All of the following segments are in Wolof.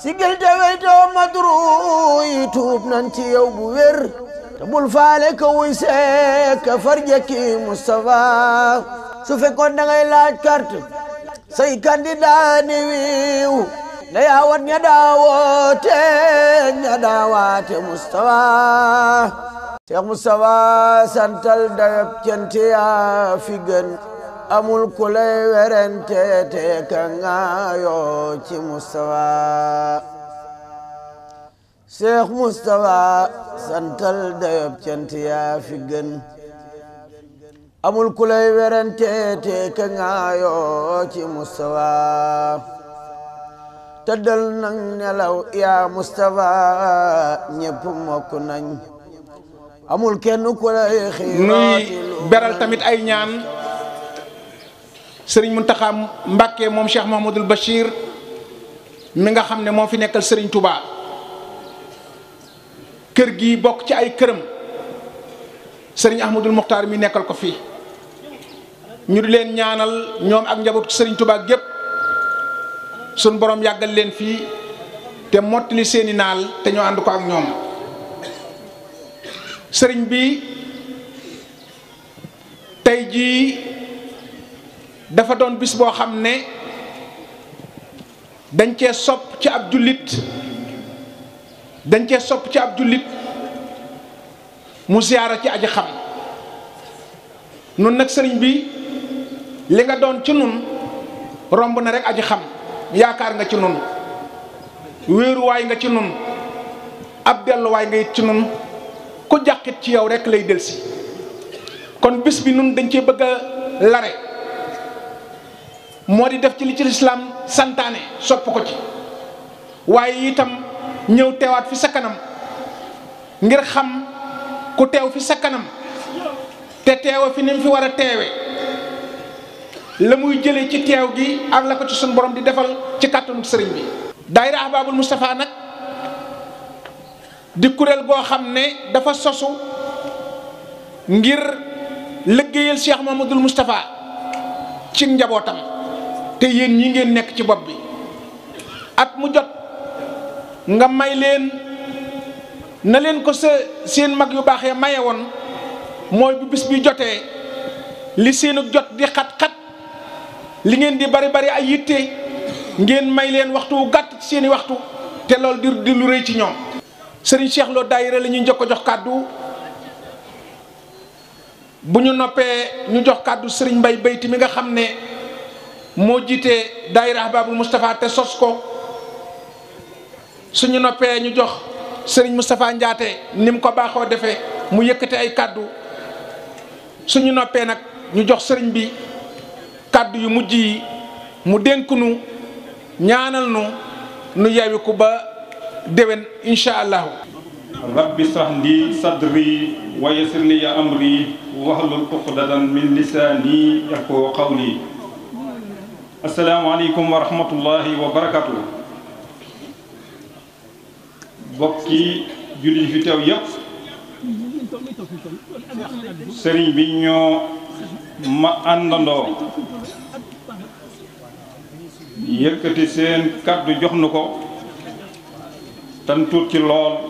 sigil te weytoo madru yi tuub nan ci yow bu wér te bul faale ka wuy seek ka farjaki Moustapha su fekkoon da ngay laaj carte say candidat wiiw na yaawat ña daawoote ña daawaate Moustapha Cheikh santal dayab cente yaa gën amul ku lay werante te ka ngaayoo ci Mustafa Seex Mustafa santal dayob cant yaa fi gën amul ku lay te ka ngaayoo ci Mustafa tëddal nañ nelaw yaa Mustafa ñépp mokk nañ amul kenn ku lay tamit ay ñaan sëriñ Muntaxa Mbàkke moom Cheikh Mahmadul Bachir mi nga xam ne moo fi nekkal sëriñ Touba kër gi bokk ci ay këram sëriñ Ahmadul Muxtaar mi nekkal ko fii ñu di leen ñaanal ñoom ak njabootu sëriñ Touba gépp suñ boroom yàggal leen fii te mottali seeni naal te ñoo ànd ko ak ñoom sëriñ bi tey jii dafa doon bis boo xam ne dañ cee sopp ci ab jullit dañ cee sopp ci ab jullit mu siyaara ci aji xam nun nag sëriñ bi li nga doon ci nun romb na rek aji xam yaakaar nga ci nun wéeruwaay nga ci nun ab delluwaay nga yit ci nun ku jàqit ci yow rekk lay delsi kon bis bi nun dañ cee bëgg a lare moo di def ci li ci lislaam santaane sopp ko ci waaye itam ñëw teewaat fi sa kanam ngir xam ku teew fi sa kanam te teewa fi ni fi war a teewe la muy jëlee ci teew gi ak la ko borom di defal ci kàttanu sëriñ bi daayira ahbaabul Moustapha nag di kuréel goo xam ne dafa sosu ngir liggéeyal Cheikh Mamadul Moustapha ci njabootam te yéen ñi ngeen nekk ci bopp bi at mu jot nga may leen na leen ko sa seen mag yu baaxee maye woon mooy bu bis bi jotee li seenug jot di xat-xat li ngeen di bari bari ay yitte ngeen may leen waxtu wu gàtt ci seeni waxtu te loolu di di lu rëy ci ñoom sëriñ Cheikh Lo daayira la ñuy jox kàddu bu ñu noppee ñu jox kàddu sëriñ Mbay Bayti mi nga xam ne moo jiitee daayira Ahbabul Moustapha te sos ko suñu noppee ñu jox sëriñ Moustapha Ndiaate ni mu ko baaxoo defee mu yëkkate ay kàddu suñu noppee nag ñu jox sëriñ bi kàddu yu mujj yi mu dénk nu ñaanal nu nu yewiku ba déwén incha allahu rabbi shrah li sadri wa yassir li amri wahlul uqdatan min lisani yafqahu qawli Assalamualaikum warahmatullahi wabarakatuh. bokki julli fi teew yépp sëriñ bi ñoo ma andando yëkkati seen kaddu jox nu ko tan tuut ci lol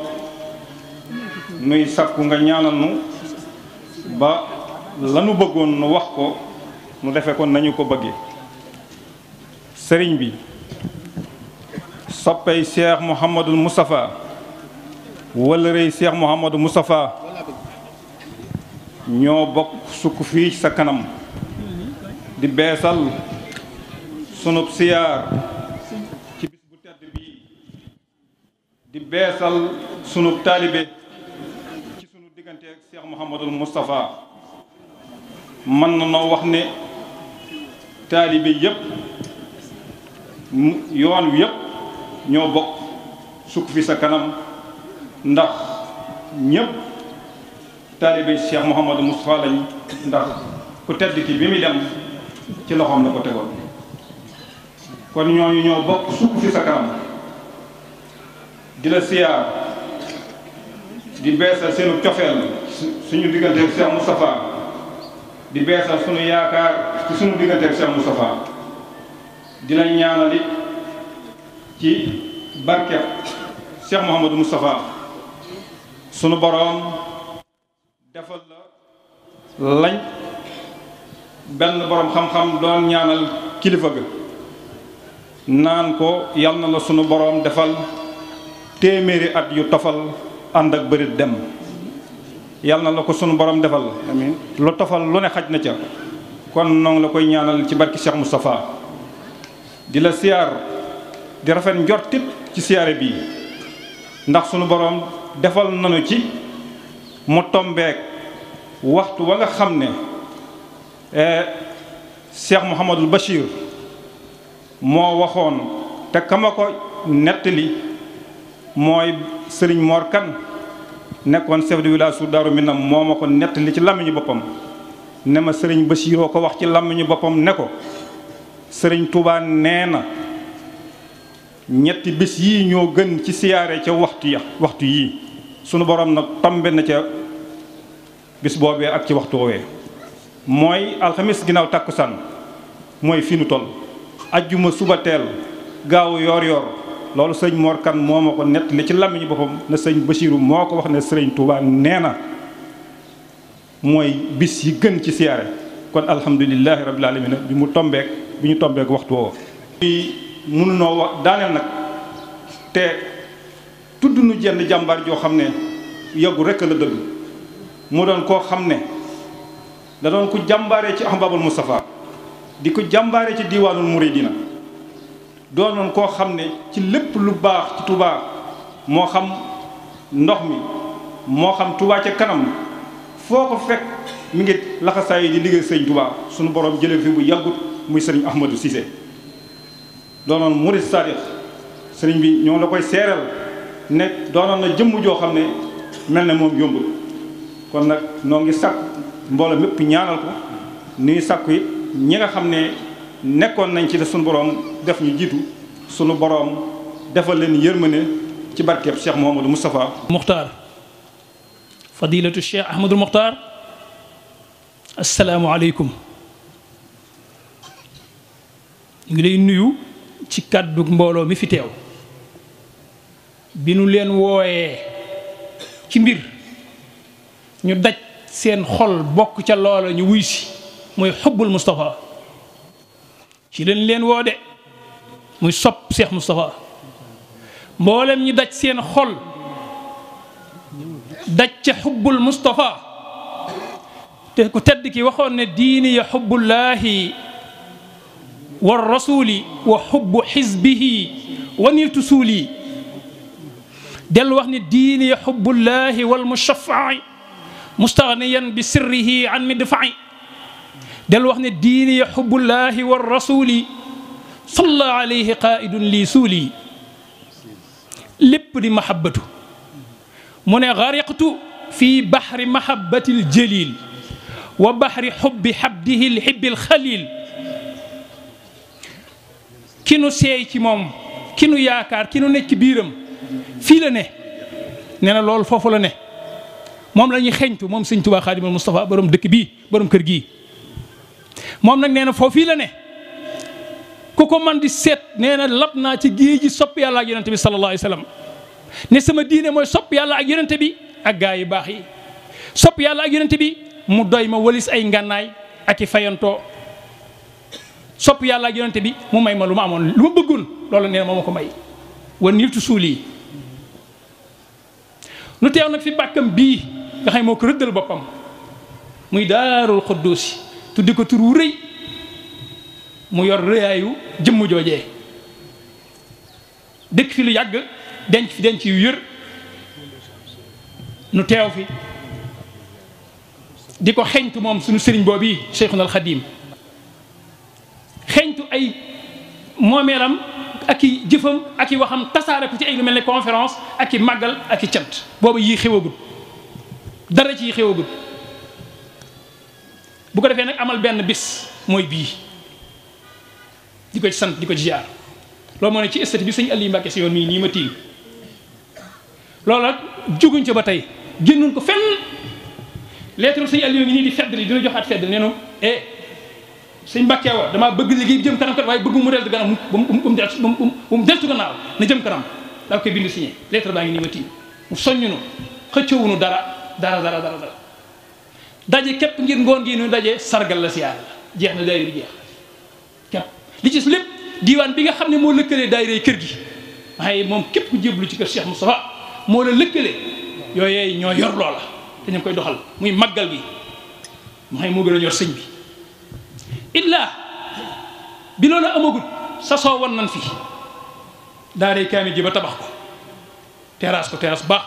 nuy sakku nga ñaanal nu ba lanu bëggoon nu wax ko nu defé ko nañu ko sëriñ bi soppey cheikh mouhamadul moustapha wala rëy cheikh mouhamadou moustapha ñoo bokk sukk fii sa kanam di beesal sunub siyaar ci bis bu tedd bii di beesal sunub taalibe ci sunu diggante ak cheikh mouhamadul moustapha mën na wax ne taalibe yépp yoon wi yëpp ñoo bokk sukk fi sa kanam ndax ñëpp taalibe Cheikh Mouhamadou Moustapha lañ ndax ku tedd ki bi muy dem ci loxoom la ko tegoon kon ñooñu ñoo bokk sukk fi sa kanam di la siyaar di beesal seenu cofeel suñu digganteeg Cheikh Moustapha di beesal suñu yaakaar ci suñu digganteeg Cheikh Moustapha dina la ci barkeb Cheikh Mouhamadou Moustapha sunu boroom defal la lañ benn boroom xam-xam doon ñaanal kilifa ga naan ko yal na la sunu boroom defal téeméeri at yu tofal ànd ak bërit dem yal na la ko sunu boroom defal amiin lu tofal lu ne xaj na ca kon noonu la koy ñaanal ci barki Cheikh Moustapha di la siyaar di rafet njortit ci siyaare bii ndax sunu boroom defal nañu ci mu tombeek waxtu wa nga xam ne e, Cheikh Mouhamadul Bachir moo waxoon te kama ko nettali mooy Serigne Mor Kane nekkoon chef de village su Daaru Minam moo ma ko nettali ci làmmiñu boppam ne ma Serigne Bachiroo ko wax ci làmmiñu boppam ne ko serigne Touba neena ñetti bis yi ñoo gën ci siyaare ca waxtu ya waxtu yi suñu borom nak tambe na ca bis bobé ak ci waxtu wé moy alxamis ginnaaw takkusaan mooy fi nu toll aljuma suba tel gaaw yor yor lolou sëñ morkan momako net li ci lamiñu bopam na sëñ Basiiru moko wax ne sëriñ Touba neena moy bis yi gën ci kon alhamdullilah rabbil alamin bi mu tombek bi ñu tombeek waxtu woowa ñuy mënunoo wax daaneel nag te tudd nu jenn jàmbaar joo xam ne yàggu rekk la dëddu moo doon koo xam ne da doon ku jàmbaare ci ahbabul Mustafa di ko jàmbaare ci diiwaanul muridina doonoon koo xam ne ci lépp lu baax ci Touba moo xam ndox mi moo xam tubaa ca kanam foo ko fekk mi ngi laxasaay di liggéey sëñ tubaa sunu borom jëlee fi bu yàggut muy sëriñ Ahmadou Cissé doonoon murid sadiq sëriñ bi ñoo la koy seeral nekk doonoon na jëmm joo xam ne mel na moom yombul kon nag noo ngi sàkk mbooloo mépp ñaanal ko nuy sàkku ñi nga xam ne nekkoon nañ ci def sunu boroom def ñu jiitu sunu boroom defal leen yërmande ci barkeeb Cheikh Mouhamadou Moustapha Muxtaar fadilatu Cheikh Ahmadul Muxtaar assalaamu aleykum ngi lay nuyu ci kàddu mbolo mi fi tew bi nu len woyé ci mbir ñu daj seen xol bok ci loolu ñu wuy ci moy hubbul mustafa ci len len wo de moy sop Cheikh mustafa mbolam ñu daj seen xol daj ci hubbul mustafa te ku tedd ki waxoon ne diini ya hubbul lahi والرسول وحب حزبه ونيتسولي سولي دل وحن الدين يحب الله والمشفع مستغنيا بسره عن مدفع دل وحن الدين يحب الله والرسول صلى عليه قائد لي سولي لب دي محبته من غرقت في بحر محبة الجليل وبحر حب حبده الحب الخليل ki nu seey ci moom ki nu yaakaar ki nu nekk ci biiram fii la ne nee na loolu foofu la ne moom la ñuy xeeñtu moom sëñ Tuubaa Xaadimul Mustafa borom dëkk bii borom kër gii moom nag nee na foofu fii la ne ku ko man di seet nee na lab naa ci géej gi sopp yàlla ak yonente bi sallallahu alayhi wa sallam ne sama diine mooy sopp yàlla ak yonente bi ak gaa yu baax yi sopp yàlla ak yonente bi mu doy ma walis ay ngànnaay ak i fayantoo sopp yàlla ak yonente bi mu may ma lu ma amoon lu ma bëggoon loolu nee na moo ma ko may wan niltu suul yi nu teew nag fi bàkkam bii nga xam moo ko rëddal boppam muy daarul xudduusi tuddi ko tur wu rëy mu yor rëyaayu jëmm joojee dëkk fi lu yàgg denc fi denc yu yër nu teew fi di ko xeñtu moom sunu sëriñ boobu yi Cheikhul Khadim moomeelam ak i jëfam ak i waxam tasaare ko ci ay lu mel ne conférence ak i màggal ak i cant boobu yii xewagul dara ci yii xewagul bu ko defee nag amal benn bis mooy bii di ko ci sant di ko ci jaar loolu moo ne ci statut bi sëñ Aliou Mbacke si yoon mii nii ma tiim loolu nag juguñ ca ba tey génnuñ ko fenn lettre sëñ Aliou ngi nii di fedd li dina joxaat fedd nee na eh sëñ Mbàkke wa damaa bëgg liggéey jëm kanam kat waaye bëgg mu dellu gannaaw mu mu deltu gannaaw na jëm kanam daa koy bind signé lettre baa ngi nii ma tiim mu soññunu xëccoowunu dara dara dara dara daje képp ngir ngoon gi nu daje sargal la siyaar la jeex na daayira bi jeex li ci lépp diiwaan bi nga xam ne moo lëkkalee daayira kër gi waaye moom képp ku jéblu ci kër mu Moustapha moo la lëkkale yooyee ñoo yor loola te ñu koy doxal muy màggal gi maa ngi moo gën sëñ bi illa bi loolu amagul sasoo wan nan fi daaray kaamil ji ba tabax ko terrasse ko terrasse baax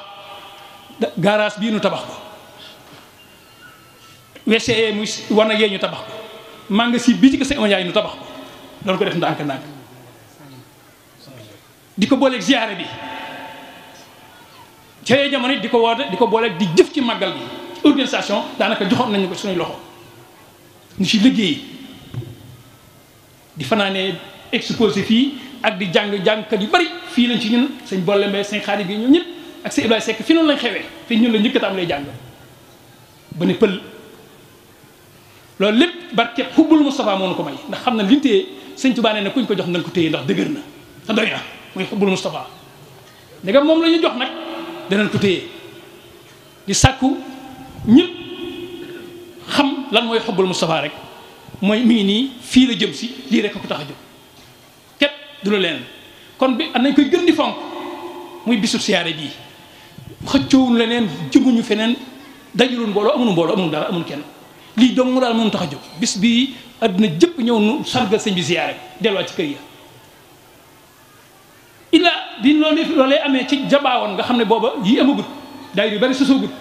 garage bii nu tabax ko wce muy war na yee ñu tabax ko si bii ci ko sa ondiaay nu tabax ko doon ko def ndànk-ndànk di ko booleeg ziyaare bi ca yooyu jamono di ko woote di ko booleeg di jëf ci màggal bi organisation daanaka joxoon nañu ko suñuy loxo ñu ci liggéey di fanaanee exposé fii ak di jàng jàngkat yu bari fii lañ ci ñun sëñ Bolle Mbaye sëñ Xaadim bi ñoom ñëpp ak sëñ Ibrahima Seck fi noonu lañ xewee fi ñun la njëkk a am lay jàng ba ne pël loolu lépp barkeb xubbul Moustapha moo nu ko may ndax xam na li ñu téye sëñ Tuubaa nee na kuñ ko jox nañ ko téye ndax dëgër na te doy na muy xubbul moom la jox nag danañ ko téye di sàkku ñëpp xam lan mooy xubbul Moustapha rek mooy mi ngi nii fii la jëm si lii rek ko tax a jóg képp du la leen kon bi nañ koy gën di fonk muy bisu siyaare bii xëccoowuñu leneen jëmuñu feneen dajaluñu mbooloo amuñu mbooloo amuñu daal amul kenn lii dong daal mënu tax a jóg bis bi àddina jëpp ñëw nu sargal sëñ bi siyaare delluwaat ci kër ya illa bi loolu loolee amee ci jabaawoon nga xam ne booba yii amagut daayira yu bari sosoogut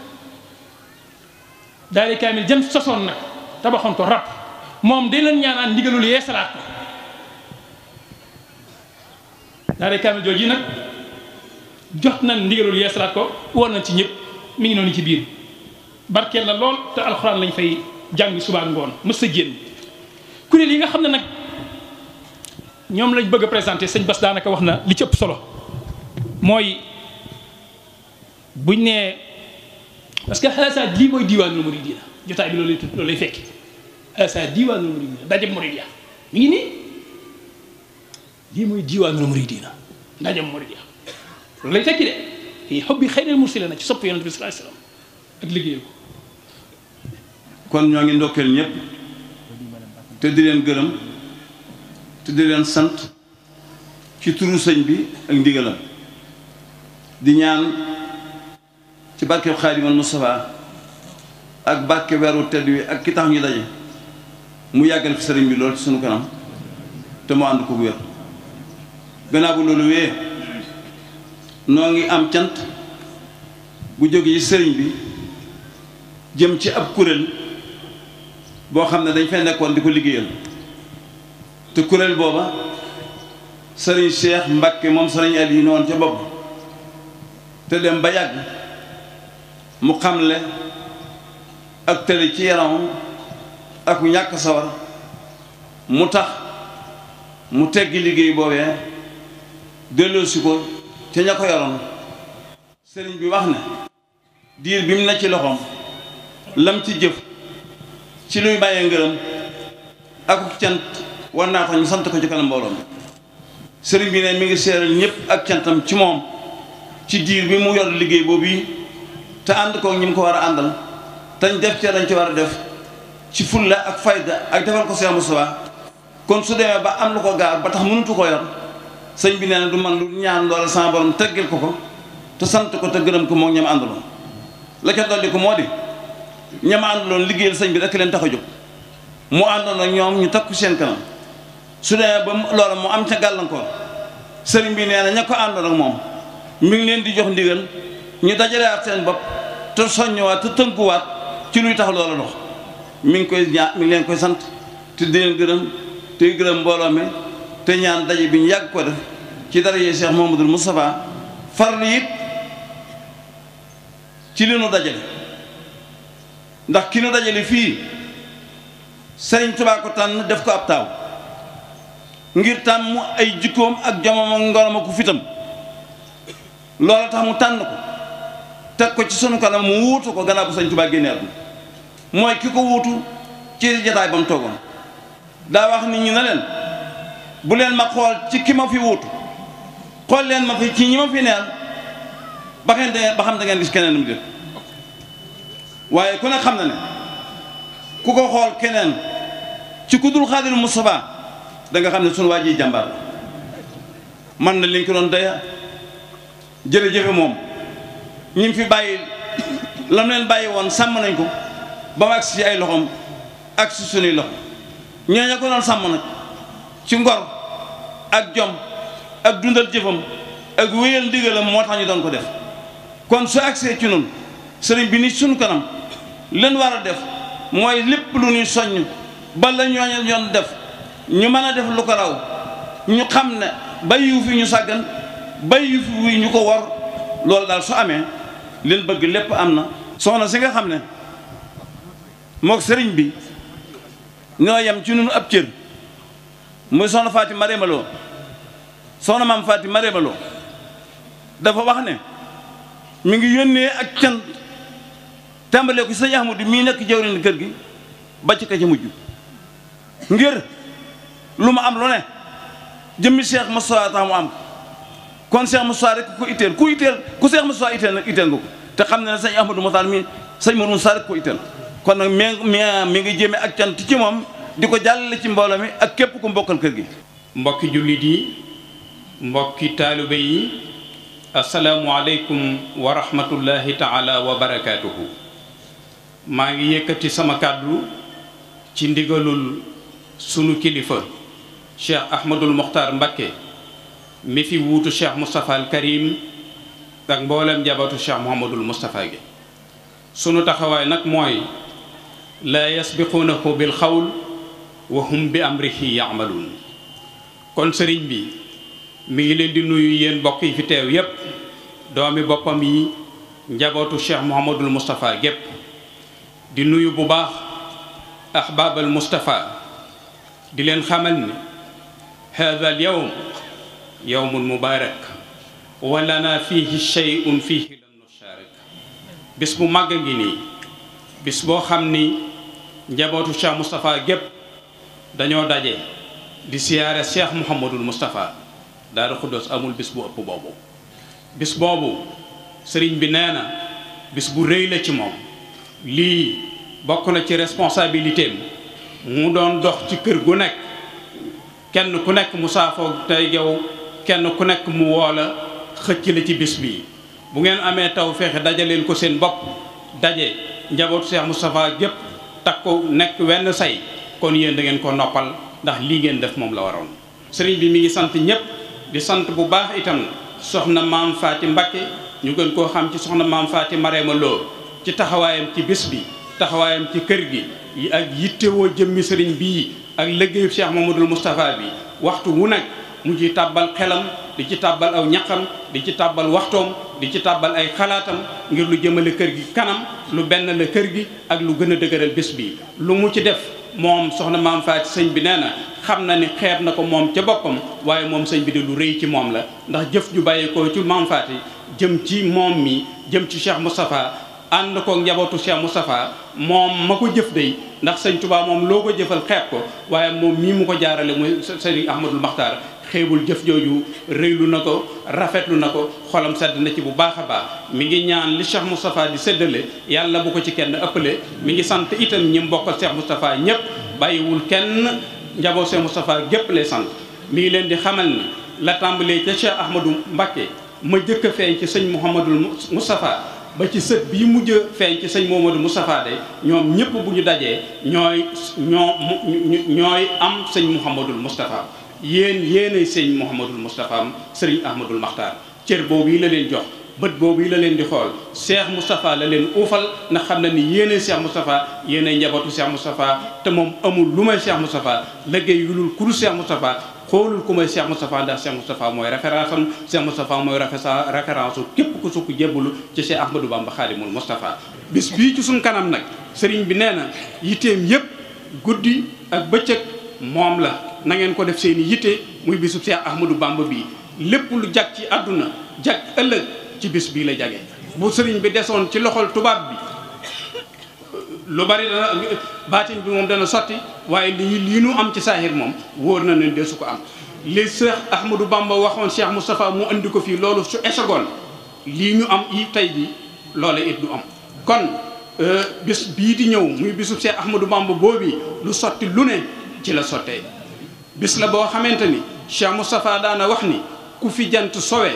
daayira kaamil jëm sosoon nag tabaxoon ko rab moom day leen ñaanaan ndigalul yee salaat ko daara kaamil jooju nag jot nañ ndigalul yee salaat ko woon nañ ci ñëpp mi ngi noonu ci biir barkeel na lool te alxuraan lañ fay jàng subaak ngoon mës sa génn kuréel yi nga xam ne nag ñoom lañ bëgg a présenté sëñ Bass daanaka wax na li ci ëpp solo mooy bu buñ nee parce que xalaat lii mooy diiwaanul muriidiina jotaay bi loolu lay tudd loolu lay fekki asa euh, diwaan muridina ndaje muridina mi ngi nii lii mooy diiwaanul muridina ndaje muridina loolu lay tekki de fii xobbi xayril mursalina ci sopp yonent bi ak liggéeyal ko kon ñoo ngi ndokkeel ñëpp te di leen gërëm te di leen sant ci turu sëñ bi ak ndigalam di ñaan ci barkeb Xaadimal Mustafaa ak barke weeru tedd wi ak ki tax ñu daje mu yàggal fi sëriñ bi loolu ci sunu kanam te mu ànd ko wér gannaaw bu loolu wee noo ngi am cant bu jógee yi sëriñ bi jëm ci ab kuréel boo xam ne dañ fay nekkoon di ko liggéeyal te kuréel booba sëriñ Cheikh Mbacke moom sëriñ yi noonu ca bopp te ba yàgg mu xamle ak tële ci yaramam ak ñàkk sawar mu tax mu teggi liggéey boobee delloosi ko te ña ko yoroon sëriñ bi wax ne diir bi mu ne ci loxoom lam ci jëf ci luy bàyyee ngërëm ak cant war naa tax ñu sant ko ci kanam mbooloom sëriñ bi ne mi ngi seeral ñëpp ak cantam ci moom ci diir bi mu yor liggéey boobu te ànd kook ñi mu ko war a àndal tañ def te lañ ci war a def ci la ak fayda ak defal ko Cheikh Moustapha kon su demee ba am lu ko gaar ba tax mënutu ko yor sëñ bi nee na du man lu ñaan loola sama borom teggil ko ko te sant ko te gërëm ko moom ñama àndaloon la ca dolli ko moo di ñama àndaloon liggéeyal sëñ bi rek leen tax a jóg mu àndoon ak ñoom ñu takku seen kanam su demee ba loola mu am ca gàllankoor sëriñ bi nee na ña ko àndoon moom mi ngi leen di jox ndigal ñu dajalewaat seen bopp te soññuwaat te tënkuwaat ci luy tax loola dox mi ngi koy ñaan mi ngi leen koy sant te di gërëm tey gërëm mbooloo mi te ñaan daje bi ñu yàgg ko def ci dara yi Cheikh Mouhamadoul Moustapha farlu it ci li nu dajale ndax ki nu dajale fii Sëriñ tubaa ko tànn def ko ab taaw ngir tànn mu ay jikkoom ak jomam ak ngorom ak fitam loolu tax mu tànn ko teg ko ci sunu kanam mu wuutu ko gannaaw bu Sëriñ Tuubaa génnee àdduna mooy ki ko wuutu ci jataay ba mu toogoon daa wax nit ñi ne leen bu leen ma xool ci ki ma fi wuutu xool leen ma fi ci ñi ma fi neel ba de ba xam da ngeen gis keneen mu def waaye ku ne xam na ne ku ko xool keneen ci ku dul xaadiru Moustapha da nga xam ne sunu waa ji jàmbaar la man na liñ ko doon daya jërëjëfe moom ñi mu fi bàyyi lam leen bàyyi woon sàmm nañ ko ba mu agsi ci ay loxoom ak si sunuy loxo ñooñu ko doon sàmm nag ci ngor ak jom ak dundal jëfam ak wéyal ndigalam moo tax ñu doon ko def kon su agsee ci noonu sëriñ bi ni sunu kanam leen war a def mooy lépp lu ñuy soññ ba la ñooñu yoon def ñu mën a def lu ko raw ñu xam ne bay yu fi ñu sàggan bay yu fi ñu ko wor loolu daal su amee leen bëgg lépp am na soxna si nga xam ne mook sëriñ bi nga yem ci ñun ab cër muy soxna Faati Marème Lo soxna Faati Marème Lo dafa wax ne mu ngi yónnee ak can tàmbalee ko sëñ Ahmadu mii nekk jawrin kër gi ba ci ka ci mujj ngir lu mu am lu ne jëmmi ma Moussa tax mu am kon Cheikh Moussa rek ko itteel ku itteel ku Cheikh Moussa itteel nag itteel nga ko te xam ne ne sëñ Ahmadu Moussa mi sëñ Moussa rek ko itteel kon nag mi mi ngi jéeme ak cant ci moom di ko jàllale ci mbooloo mi ak képp ku mbokkal kër gi mbokki jullit yi mbokki taalibe yi asalaamualeykum wa rahmatullahi taala wa barakaatuhu maa ngi yëkkati sama kàddu ci ndigalul sunu kilifa cheikh ahmadul moxtar mbakke mi fi wuutu cheikh moustapha al karim ak mboolem njabootu cheikh mohamadul moustapha gi sunu taxawaay nag mooy laa yasbiquunahu bil xawl wa hum bi amrihi yamaluun kon sëriñ bi mi ngi leen di nuyu yéen mbokk yi fi teew yépp doomi boppam yi njabootu cheikh mouhamadul moustapha gépp di nuyu bu baax ahbaabal moustapha di leen xamal ni haada al yowm yowmun mubaarak wa lana fihi shay'un fihi lan nusharik bis bu màgg ngi nii bis boo xam ni njabootu Cheikh Moustapha gépp dañoo daje di siyaare Cheikh Mouhamadul Moustapha Daaru Xuddoos amul bis bu ëpp boobu bis boobu sëriñ bi nee na bis bu rëy la ci moom lii bokk na ci responsabilité mu doon dox ci kër gu nekk kenn ku nekk mu saafoo tey yow kenn ku nekk mu woo la xëcc la ci bis bi bu ngeen amee taw feexe dajaleen ko seen bopp daje njabootu Cheikh Moustapha gépp takku nekk wenn say kon yéen da ngeen ko noppal ndax lii ngeen def moom la waroon sëriñ bi mi ngi sant ñëpp di sant bu baax itam soxna maam Faati Mbakke ñu gën koo xam ci soxna maam Faati Mareema Lo ci taxawaayam ci bis bi taxawaayam ci kër gi yi ak yittewoo jëmmi sëriñ bii ak liggéeyu Cheikh Mamadou Moustapha bi waxtu wu nag mu ci tàbbal xelam di ci tàbbal aw ñaqam di ci tàbbal waxtoom di ci tàbbal ay xalaatam ngir lu jëmale kër gi kanam lu benn la kër gi ak lu gën a dëgëral bés bi lu mu ci def moom soxna maam faati sëñ bi nee na xam na ni xeeb na ko moom ca boppam waaye moom sëñ bi de lu rëy ci moom la ndax jëf ju bàyyi ko ci maam faati jëm ci moom mii jëm ci Cheikh Moustapha ànd ko njabootu Cheikh Moustapha moom ma ko jëf day ndax sëñ Tuubaa moom loo ko jëfal xeeb ko waaye moom mii mu ko jaarale muy sëriñ Ahmadul Maxtaar xeebul jëf jooju réylu na ko rafetlu na ko xolam sedd na ci bu baax a baax mi ngi ñaan li Cheikh Moustapha di séddale yàlla bu ko ci kenn ëppale mi ngi sant itam ñi mu bokkal Cheikh Moustapha ñëpp bàyyiwul kenn njaboot Cheikh Moustapha gépp lay sant mi ngi leen di xamal ni la tàmbalee ca Cheikh Ahmadou Mbacké ma jëkk a feeñ ci sëñ Mouhamadul Moustapha ba ci sët bii mujj feeñ ci sëñ Momadou Moustapha de ñoom ñëpp bu ñu dajee ñooy ñoo am sëñ Mouhamadul Moustapha yéen yéenay sëñ Mouhamadul Moustapha sëriñ Ahmadul Maxtaar cër boobu yi la leen jox bët boobu yi la leen di xool Cheikh Moustapha la leen uufal na xam na ni yéenay Cheikh Moustapha yéenay njabootu Cheikh Moustapha te moom amul lu may Cheikh Moustapha liggéey yulul kuru Cheikh Moustapha xoolul ku may Cheikh Moustapha ndax Cheikh Moustapha mooy référence am Cheikh Moustapha mooy référence u képp ku sukk jébbalu ci Cheikh Ahmadou Bamba Xaadimul Moustapha bis bii ci suñ kanam nag sëriñ bi nee na yitteem yépp guddi ak moom la nangeen ko def seen i yitte muy bisub Seex Ahmadou Bamba bii lépp lu jag ci àdduna jag ëllëg ci bis bii la jage bu sëriñ bi desoon ci loxol tubaab bi lu bari dana baatin bi moom dana sotti waaye li lii nu am ci saahir moom wóor na ne desu ko am li Seex Ahmadou Bamba waxoon Cheikh Moustapha mu indi ko fii loolu su esegoon lii ñu am i tey bi loola it du am kon euh, bis bii di ñëw muy bisub Seex Ahmadou Bamba boobu lu sotti lu ne ci la sottee bis la boo xamante ni Cheikh Moustapha daana wax ni ku fi jant sowe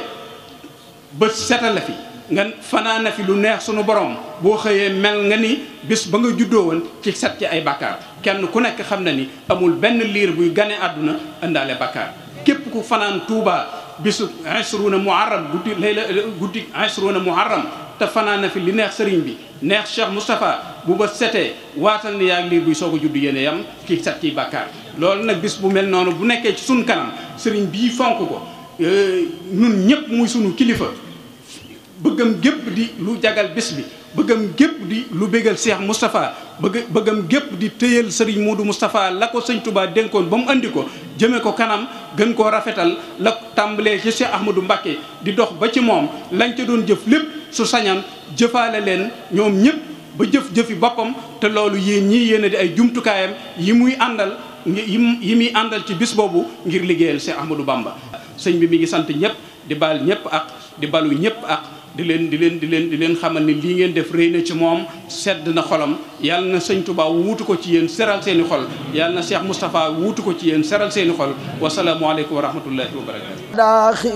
bët seta la fi nga fanaana fi lu neex sunu borom boo xëyee mel nga ni bis ba nga juddoo woon ci set ci ay bakkaar kenn ku nekk xam na ni amul benn liir buy gane àdduna ëndaale bakkaar képp ku fanaan Touba bisu asruuna muharram guddi layla guddi mu muharram te fanaana fi li neex sëriñ bi neex Cheikh Moustapha bu ba setee waatal ni yaa ngi liir buy soog a judd yéene yam ki set ciy bàkkaar loolu nag bis bu mel noonu bu nekkee ci sun kanam sëriñ bii fonk ko nun euh, ñëpp muy sunu kilifa bëggam gépp di lu jagal bés bi bëggam gépp di lu bégal Cheikh Moustapha bëgg bëggam gépp di téyal sëriñ Modou Moustapha la ko sëñ Touba dénkoon ba mu andi ko jëme ko kanam gën koo rafetal la tàmbalee ci Cheikh Ahmadou Mbacké di dox ba ci moom lañ ca doon jëf lépp su sañan jëfaale leen ñoom ñëpp ba jëf jëfi boppam te loolu yéen ñii yéen di ay jumtukaayam yi muy àndal yi muy àndal ci bis boobu ngir liggéeyal Cheikh Ahmadou Bamba. sëñ bi mi ngi sant ñëpp di baal ñëpp ak di balu ñëpp ak di leen di leen di leen di leen xamal ni lii ngeen def rëy na ci moom sedd na xolam yàlla na sëñ Tuubaa wuutu ko ci yéen seral seeni xol yàlla na seex Moustapha wuutu ko ci yéen seral seeni xol wasalaamualeykum wa rahmatullahi wa barakatu.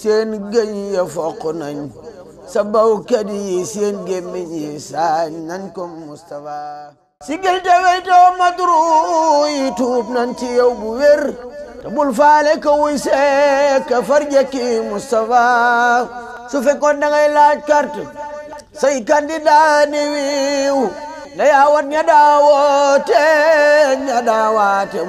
seen gëñ ya foq nañ sa bawkat yi seen gémmiñ yi saañ nañ ko Moustapha sigil te weytoo madru yi nañ ci yow bu wér te bul faale ko wuy seek ka farjekki Moustapha su fekkoon da ngay laaj carte say candidat wiiw na yaawat ña daawoote ña daawaate